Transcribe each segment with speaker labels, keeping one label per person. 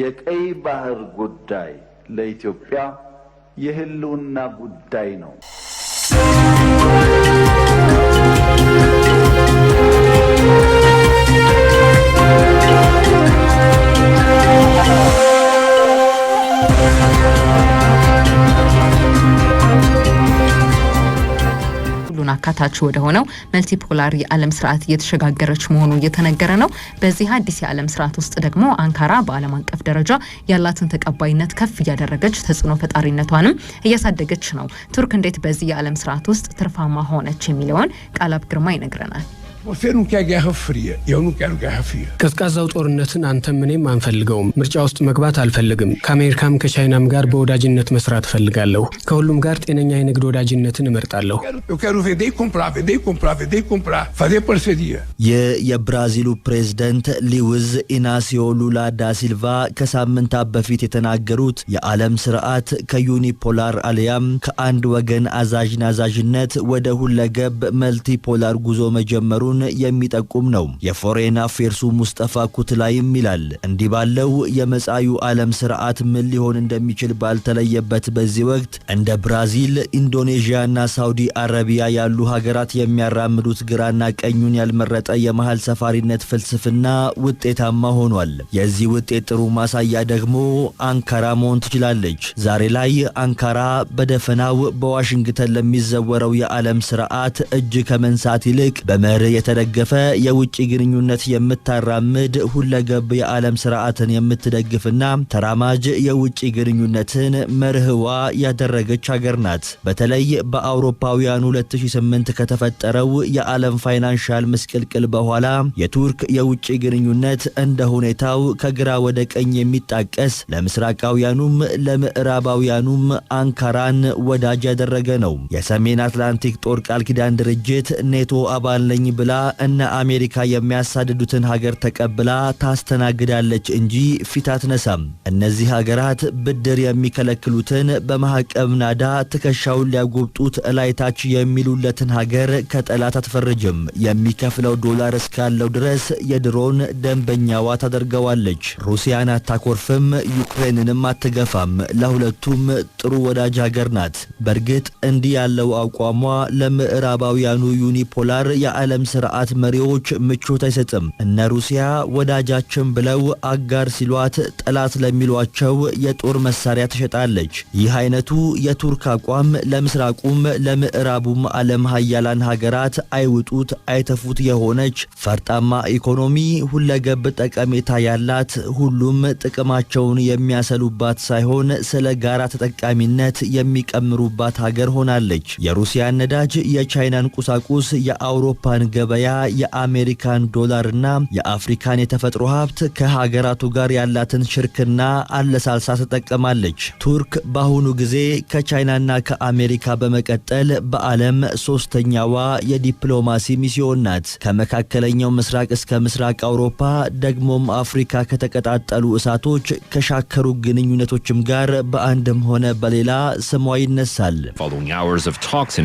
Speaker 1: የቀይ ባህር ጉዳይ ለኢትዮጵያ የህልውና ጉዳይ ነው።
Speaker 2: Thank you. አካታች ወደ ሆነው መልቲፖላር የዓለም ስርዓት እየተሸጋገረች መሆኑ እየተነገረ ነው። በዚህ አዲስ የዓለም ስርዓት ውስጥ ደግሞ አንካራ በዓለም አቀፍ ደረጃ ያላትን ተቀባይነት ከፍ እያደረገች ተጽዕኖ ፈጣሪነቷንም እያሳደገች ነው። ቱርክ እንዴት በዚህ የዓለም ስርዓት ውስጥ ትርፋማ ሆነች የሚለውን ቃላብ ግርማ ይነግረናል።
Speaker 3: você não quer guerra fria, eu não
Speaker 4: quero guerra fria። ቀዝቃዛው ጦርነትን አንተም እኔም አንፈልገውም። ምርጫ ውስጥ መግባት አልፈልግም። ከአሜሪካም ከቻይናም ጋር በወዳጅነት መስራት እፈልጋለሁ። ከሁሉም ጋር ጤነኛ የንግድ ወዳጅነትን እመርጣለሁ።
Speaker 5: e e e የብራዚሉ ፕሬዝደንት ሊውዝ ኢናሲዮ ሉላ ዳ ሲልቫ ከሳምንታት በፊት የተናገሩት የዓለም ስርዓት ከዩኒፖላር አሊያም ከአንድ ወገን አዛዥ ናዛዥነት ወደ ሁለገብ መልቲፖላር ጉዞ መጀመሩን መኖሩን የሚጠቁም ነው። የፎሬን አፌርሱ ሙስጠፋ ኩትላይም ይላል እንዲህ ባለው የመጻዩ ዓለም ስርዓት ምን ሊሆን እንደሚችል ባልተለየበት በዚህ ወቅት እንደ ብራዚል፣ ኢንዶኔዥያና ሳውዲ አረቢያ ያሉ ሀገራት የሚያራምዱት ግራና ቀኙን ያልመረጠ የመሃል ሰፋሪነት ፍልስፍና ውጤታማ ሆኗል። የዚህ ውጤት ጥሩ ማሳያ ደግሞ አንካራ መሆን ትችላለች። ዛሬ ላይ አንካራ በደፈናው በዋሽንግተን ለሚዘወረው የዓለም ስርዓት እጅ ከመንሳት ይልቅ በመርህ የተደገፈ የውጭ ግንኙነት የምታራምድ ሁለገብ የዓለም ስርዓትን የምትደግፍና ተራማጅ የውጭ ግንኙነትን መርህዋ ያደረገች ሀገር ናት። በተለይ በአውሮፓውያን 2008 ከተፈጠረው የዓለም ፋይናንሻል ምስቅልቅል በኋላ የቱርክ የውጭ ግንኙነት እንደ ሁኔታው ከግራ ወደ ቀኝ የሚጣቀስ ለምስራቃውያኑም ለምዕራባውያኑም አንካራን ወዳጅ ያደረገ ነው። የሰሜን አትላንቲክ ጦር ቃል ኪዳን ድርጅት ኔቶ አባል ነኝ ብላ እነ አሜሪካ የሚያሳድዱትን ሀገር ተቀብላ ታስተናግዳለች እንጂ ፊት አትነሳም። እነዚህ ሀገራት ብድር የሚከለክሉትን በማዕቀብ ናዳ ትከሻውን ሊያጎብጡት እላይታች የሚሉለትን ሀገር ከጠላት አትፈርጅም። የሚከፍለው ዶላር እስካለው ድረስ የድሮን ደንበኛዋ ታደርገዋለች። ሩሲያን አታኮርፍም፣ ዩክሬንንም አትገፋም። ለሁለቱም ጥሩ ወዳጅ ሀገር ናት። በእርግጥ እንዲህ ያለው አቋሟ ለምዕራባውያኑ ዩኒፖላር የዓለም ስራ ስርዓት መሪዎች ምቾት አይሰጥም። እነ ሩሲያ ወዳጃችን ብለው አጋር ሲሏት ጠላት ለሚሏቸው የጦር መሳሪያ ትሸጣለች። ይህ አይነቱ የቱርክ አቋም ለምስራቁም ለምዕራቡም ዓለም ሀያላን ሀገራት አይውጡት አይተፉት የሆነች ፈርጣማ ኢኮኖሚ፣ ሁለገብ ጠቀሜታ ያላት ሁሉም ጥቅማቸውን የሚያሰሉባት ሳይሆን ስለ ጋራ ተጠቃሚነት የሚቀምሩባት ሀገር ሆናለች። የሩሲያን ነዳጅ፣ የቻይናን ቁሳቁስ፣ የአውሮፓን ገ ገበያ የአሜሪካን ዶላርና የአፍሪካን የተፈጥሮ ሀብት ከሀገራቱ ጋር ያላትን ሽርክና አለሳልሳ ትጠቀማለች። ቱርክ በአሁኑ ጊዜ ከቻይናና ከአሜሪካ በመቀጠል በዓለም ሶስተኛዋ የዲፕሎማሲ ሚስዮን ናት። ከመካከለኛው ምስራቅ እስከ ምስራቅ አውሮፓ ደግሞም አፍሪካ ከተቀጣጠሉ እሳቶች ከሻከሩ ግንኙነቶችም ጋር በአንድም ሆነ በሌላ ስሟ ይነሳል።
Speaker 6: Following hours of talks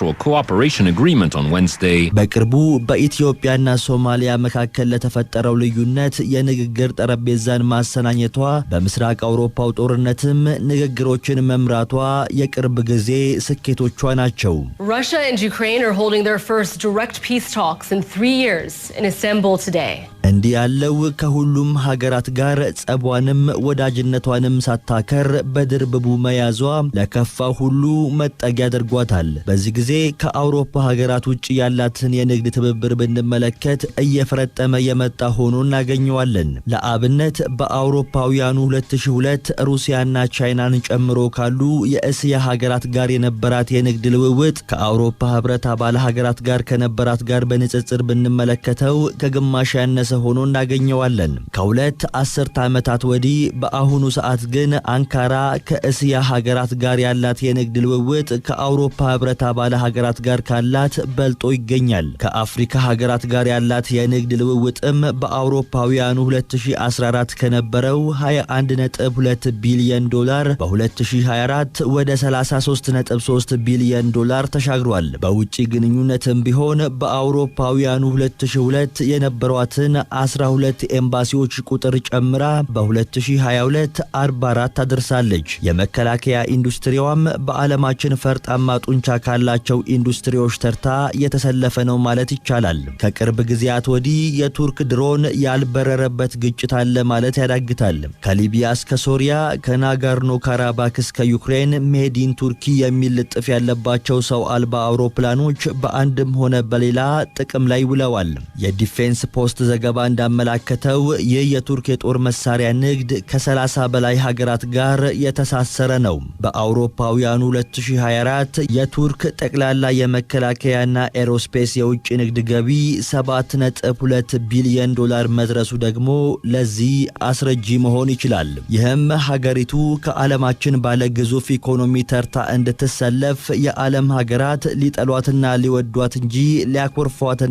Speaker 6: bilateral cooperation agreement
Speaker 5: on Wednesday. በቅርቡ በኢትዮጵያና ሶማሊያ መካከል ለተፈጠረው ልዩነት የንግግር ጠረጴዛን ማሰናኘቷ በምስራቅ አውሮፓው ጦርነትም ንግግሮችን መምራቷ የቅርብ ጊዜ ስኬቶቿ ናቸው።
Speaker 7: Russia and Ukraine are holding their first direct peace talks in three years in Istanbul
Speaker 5: today. እንዲህ ያለው ከሁሉም ሀገራት ጋር ጸቧንም ወዳጅነቷንም ሳታከር በድርብቡ መያዟ ለከፋ ሁሉ መጠጊያ አድርጓታል። በዚህ ጊዜ ከአውሮፓ ሀገራት ውጭ ያላትን የንግድ ትብብር ብንመለከት እየፈረጠመ የመጣ ሆኖ እናገኘዋለን። ለአብነት በአውሮፓውያኑ 2002 ሩሲያና ቻይናን ጨምሮ ካሉ የእስያ ሀገራት ጋር የነበራት የንግድ ልውውጥ ከአውሮፓ ህብረት አባል ሀገራት ጋር ከነበራት ጋር በንጽጽር ብንመለከተው ከግማሽ ያነሰ የባሰ ሆኖ እናገኘዋለን። ከሁለት አስርተ ዓመታት ወዲህ በአሁኑ ሰዓት ግን አንካራ ከእስያ ሀገራት ጋር ያላት የንግድ ልውውጥ ከአውሮፓ ህብረት አባል ሀገራት ጋር ካላት በልጦ ይገኛል። ከአፍሪካ ሀገራት ጋር ያላት የንግድ ልውውጥም በአውሮፓውያኑ 2014 ከነበረው 21.2 ቢሊዮን ዶላር በ2024 ወደ 33.3 ቢሊዮን ዶላር ተሻግሯል። በውጭ ግንኙነትም ቢሆን በአውሮፓውያኑ 2002 የነበሯትን 12 ኤምባሲዎች ቁጥር ጨምራ በ2022 44 አድርሳለች። የመከላከያ ኢንዱስትሪዋም በዓለማችን ፈርጣማ ጡንቻ ካላቸው ኢንዱስትሪዎች ተርታ የተሰለፈ ነው ማለት ይቻላል። ከቅርብ ጊዜያት ወዲህ የቱርክ ድሮን ያልበረረበት ግጭት አለ ማለት ያዳግታል። ከሊቢያ እስከ ሶሪያ፣ ከናጋርኖ ካራባክ እስከ ዩክሬን ሜዲን ቱርኪ የሚል ልጥፍ ያለባቸው ሰው አልባ አውሮፕላኖች በአንድም ሆነ በሌላ ጥቅም ላይ ውለዋል። የዲፌንስ ፖስት ዘገባ ዘገባ እንዳመላከተው ይህ የቱርክ የጦር መሳሪያ ንግድ ከ30 በላይ ሀገራት ጋር የተሳሰረ ነው። በአውሮፓውያኑ 2024 የቱርክ ጠቅላላ የመከላከያና ኤሮስፔስ የውጭ ንግድ ገቢ 7.2 ቢሊዮን ዶላር መድረሱ ደግሞ ለዚህ አስረጂ መሆን ይችላል። ይህም ሀገሪቱ ከዓለማችን ባለ ግዙፍ ኢኮኖሚ ተርታ እንድትሰለፍ የዓለም ሀገራት ሊጠሏትና ሊወዷት እንጂ ሊያኮርፏትና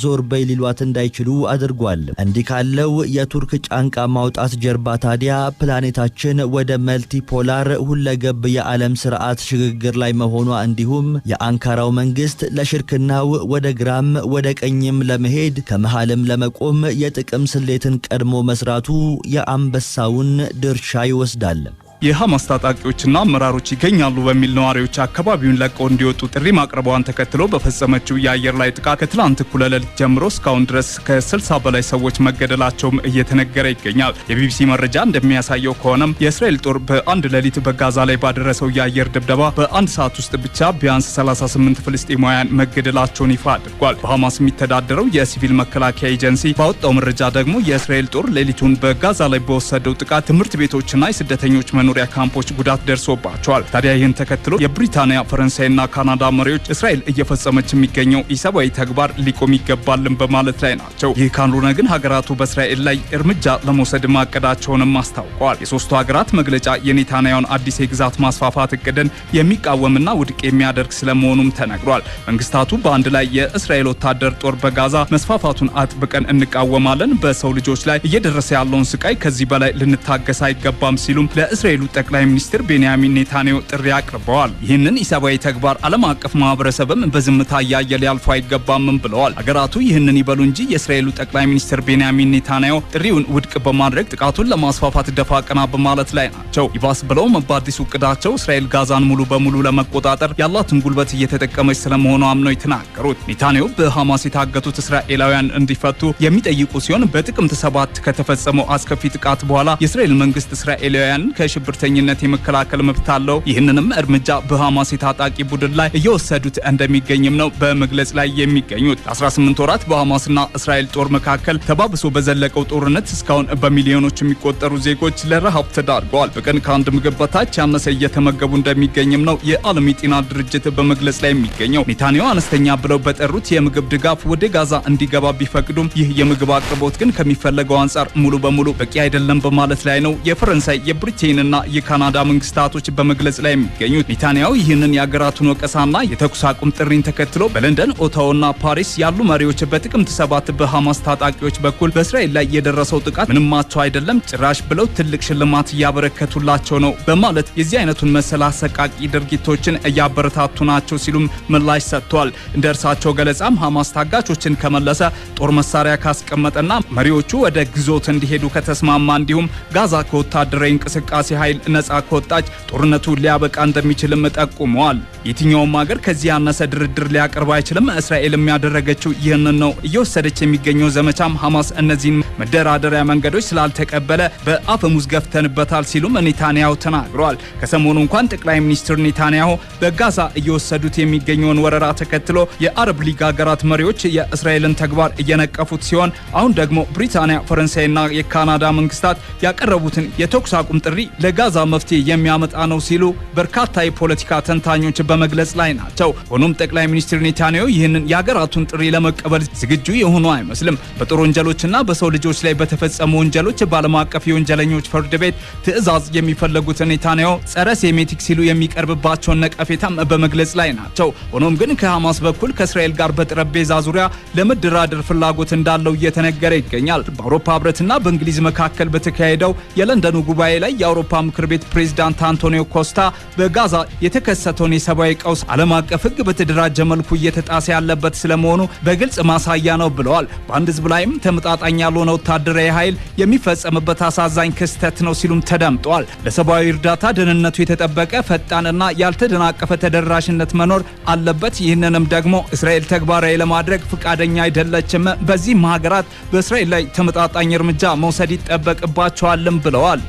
Speaker 5: ዞር በይ ሊሏት እንዳይችሉ አድርጓል። አድርጓል። እንዲህ ካለው የቱርክ ጫንቃ ማውጣት ጀርባ ታዲያ ፕላኔታችን ወደ መልቲፖላር ሁለገብ የዓለም ስርዓት ሽግግር ላይ መሆኗ እንዲሁም የአንካራው መንግስት ለሽርክናው ወደ ግራም ወደ ቀኝም ለመሄድ ከመሃልም ለመቆም የጥቅም ስሌትን ቀድሞ መስራቱ የአንበሳውን ድርሻ ይወስዳል።
Speaker 8: የሐማስ ታጣቂዎችና አመራሮች ይገኛሉ በሚል ነዋሪዎች አካባቢውን ለቀው እንዲወጡ ጥሪ ማቅረቧን ተከትሎ በፈጸመችው የአየር ላይ ጥቃት ከትላንት እኩለ ሌሊት ጀምሮ እስካሁን ድረስ ከ60 በላይ ሰዎች መገደላቸውም እየተነገረ ይገኛል። የቢቢሲ መረጃ እንደሚያሳየው ከሆነም የእስራኤል ጦር በአንድ ሌሊት በጋዛ ላይ ባደረሰው የአየር ድብደባ በአንድ ሰዓት ውስጥ ብቻ ቢያንስ 38 ፍልስጤማውያን መገደላቸውን ይፋ አድርጓል። በሐማስ የሚተዳደረው የሲቪል መከላከያ ኤጀንሲ ባወጣው መረጃ ደግሞ የእስራኤል ጦር ሌሊቱን በጋዛ ላይ በወሰደው ጥቃት ትምህርት ቤቶችና የስደተኞች መኖ መኖሪያ ካምፖች ጉዳት ደርሶባቸዋል። ታዲያ ይህን ተከትሎ የብሪታንያ ፈረንሳይና ካናዳ መሪዎች እስራኤል እየፈጸመች የሚገኘው ኢሰብአዊ ተግባር ሊቆም ይገባልን በማለት ላይ ናቸው። ይህ ካልሆነ ግን ሀገራቱ በእስራኤል ላይ እርምጃ ለመውሰድ ማቀዳቸውንም አስታውቀዋል። የሶስቱ ሀገራት መግለጫ የኔታንያውን አዲስ የግዛት ማስፋፋት እቅድን የሚቃወምና ውድቅ የሚያደርግ ስለመሆኑም ተነግሯል። መንግስታቱ በአንድ ላይ የእስራኤል ወታደር ጦር በጋዛ መስፋፋቱን አጥብቀን እንቃወማለን፣ በሰው ልጆች ላይ እየደረሰ ያለውን ስቃይ ከዚህ በላይ ልንታገስ አይገባም ሲሉም ለእስራኤሉ የእስራኤሉ ጠቅላይ ሚኒስትር ቤንያሚን ኔታንያሁ ጥሪ አቅርበዋል። ይህንን ኢሰብአዊ ተግባር ዓለም አቀፍ ማህበረሰብም በዝምታ እያየ ሊያልፎ አይገባምም ብለዋል። አገራቱ ይህንን ይበሉ እንጂ የእስራኤሉ ጠቅላይ ሚኒስትር ቤንያሚን ኔታንያሁ ጥሪውን ውድቅ በማድረግ ጥቃቱን ለማስፋፋት ደፋ ቀና በማለት ላይ ናቸው። ይባስ ብለውም በአዲሱ እቅዳቸው እስራኤል ጋዛን ሙሉ በሙሉ ለመቆጣጠር ያላትን ጉልበት እየተጠቀመች ስለመሆኑ አምነው የተናገሩት ኔታንያሁ በሐማስ የታገቱት እስራኤላውያን እንዲፈቱ የሚጠይቁ ሲሆን በጥቅምት ሰባት ከተፈጸመው አስከፊ ጥቃት በኋላ የእስራኤል መንግስት እስራኤላውያን ከሽብር ሽብርተኝነት የመከላከል መብት አለው። ይህንንም እርምጃ በሐማስ የታጣቂ ቡድን ላይ እየወሰዱት እንደሚገኝም ነው በመግለጽ ላይ የሚገኙት። 18 ወራት በሐማስና እስራኤል ጦር መካከል ተባብሶ በዘለቀው ጦርነት እስካሁን በሚሊዮኖች የሚቆጠሩ ዜጎች ለረሃብ ተዳርገዋል። በቀን ከአንድ ምግብ በታች ያነሰ እየተመገቡ እንደሚገኝም ነው የዓለም የጤና ድርጅት በመግለጽ ላይ የሚገኘው። ኔታንያሁ አነስተኛ ብለው በጠሩት የምግብ ድጋፍ ወደ ጋዛ እንዲገባ ቢፈቅዱም ይህ የምግብ አቅርቦት ግን ከሚፈለገው አንጻር ሙሉ በሙሉ በቂ አይደለም በማለት ላይ ነው የፈረንሳይ የብሪቴንና የካናዳ መንግስታቶች በመግለጽ ላይ የሚገኙት። ኔታንያው ይህንን የአገራቱን ወቀሳና የተኩስ አቁም ጥሪን ተከትሎ በለንደን ኦታዎና ፓሪስ ያሉ መሪዎች በጥቅምት ሰባት በሐማስ ታጣቂዎች በኩል በእስራኤል ላይ የደረሰው ጥቃት ምንማቸው አይደለም ጭራሽ ብለው ትልቅ ሽልማት እያበረከቱላቸው ነው በማለት የዚህ አይነቱን መሰል አሰቃቂ ድርጊቶችን እያበረታቱ ናቸው ሲሉም ምላሽ ሰጥተዋል። እንደ እርሳቸው ገለጻም ሐማስ ታጋቾችን ከመለሰ፣ ጦር መሳሪያ ካስቀመጠና መሪዎቹ ወደ ግዞት እንዲሄዱ ከተስማማ እንዲሁም ጋዛ ከወታደራዊ እንቅስቃሴ ኃይል ነጻ ከወጣች ጦርነቱ ሊያበቃ እንደሚችልም ጠቁመዋል። የትኛውም ሀገር ከዚህ ያነሰ ድርድር ሊያቀርብ አይችልም። እስራኤል ያደረገችው ይህንን ነው። እየወሰደች የሚገኘው ዘመቻም ሐማስ እነዚህን መደራደሪያ መንገዶች ስላልተቀበለ በአፈሙዝ ገፍተንበታል ሲሉም ኔታንያሁ ተናግረዋል። ከሰሞኑ እንኳን ጠቅላይ ሚኒስትር ኔታንያሁ በጋዛ እየወሰዱት የሚገኘውን ወረራ ተከትሎ የአረብ ሊግ ሀገራት መሪዎች የእስራኤልን ተግባር እየነቀፉት ሲሆን አሁን ደግሞ ብሪታንያ፣ ፈረንሳይና የካናዳ መንግስታት ያቀረቡትን የተኩስ አቁም ጥሪ ለ ለጋዛ መፍትሄ የሚያመጣ ነው ሲሉ በርካታ የፖለቲካ ተንታኞች በመግለጽ ላይ ናቸው። ሆኖም ጠቅላይ ሚኒስትር ኔታንያሁ ይህንን የሀገራቱን ጥሪ ለመቀበል ዝግጁ የሆኑ አይመስልም። በጦር ወንጀሎችና በሰው ልጆች ላይ በተፈጸሙ ወንጀሎች በዓለም አቀፍ የወንጀለኞች ፍርድ ቤት ትዕዛዝ የሚፈለጉት ኔታንያሁ ጸረ ሴሜቲክ ሲሉ የሚቀርብባቸውን ነቀፌታም በመግለጽ ላይ ናቸው። ሆኖም ግን ከሐማስ በኩል ከእስራኤል ጋር በጠረጴዛ ዙሪያ ለመደራደር ፍላጎት እንዳለው እየተነገረ ይገኛል። በአውሮፓ ህብረትና በእንግሊዝ መካከል በተካሄደው የለንደኑ ጉባኤ ላይ የአውሮፓ ምክር ቤት ፕሬዝዳንት አንቶኒዮ ኮስታ በጋዛ የተከሰተውን የሰብአዊ ቀውስ ዓለም አቀፍ ሕግ በተደራጀ መልኩ እየተጣሰ ያለበት ስለመሆኑ በግልጽ ማሳያ ነው ብለዋል። በአንድ ሕዝብ ላይም ተመጣጣኝ ያልሆነ ወታደራዊ ኃይል የሚፈጸምበት አሳዛኝ ክስተት ነው ሲሉም ተደምጠዋል። ለሰብአዊ እርዳታ ደህንነቱ የተጠበቀ ፈጣንና ያልተደናቀፈ ተደራሽነት መኖር አለበት። ይህንንም ደግሞ እስራኤል ተግባራዊ ለማድረግ ፈቃደኛ አይደለችም። በዚህም ሀገራት በእስራኤል ላይ ተመጣጣኝ እርምጃ መውሰድ ይጠበቅባቸዋልም ብለዋል።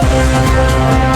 Speaker 8: Música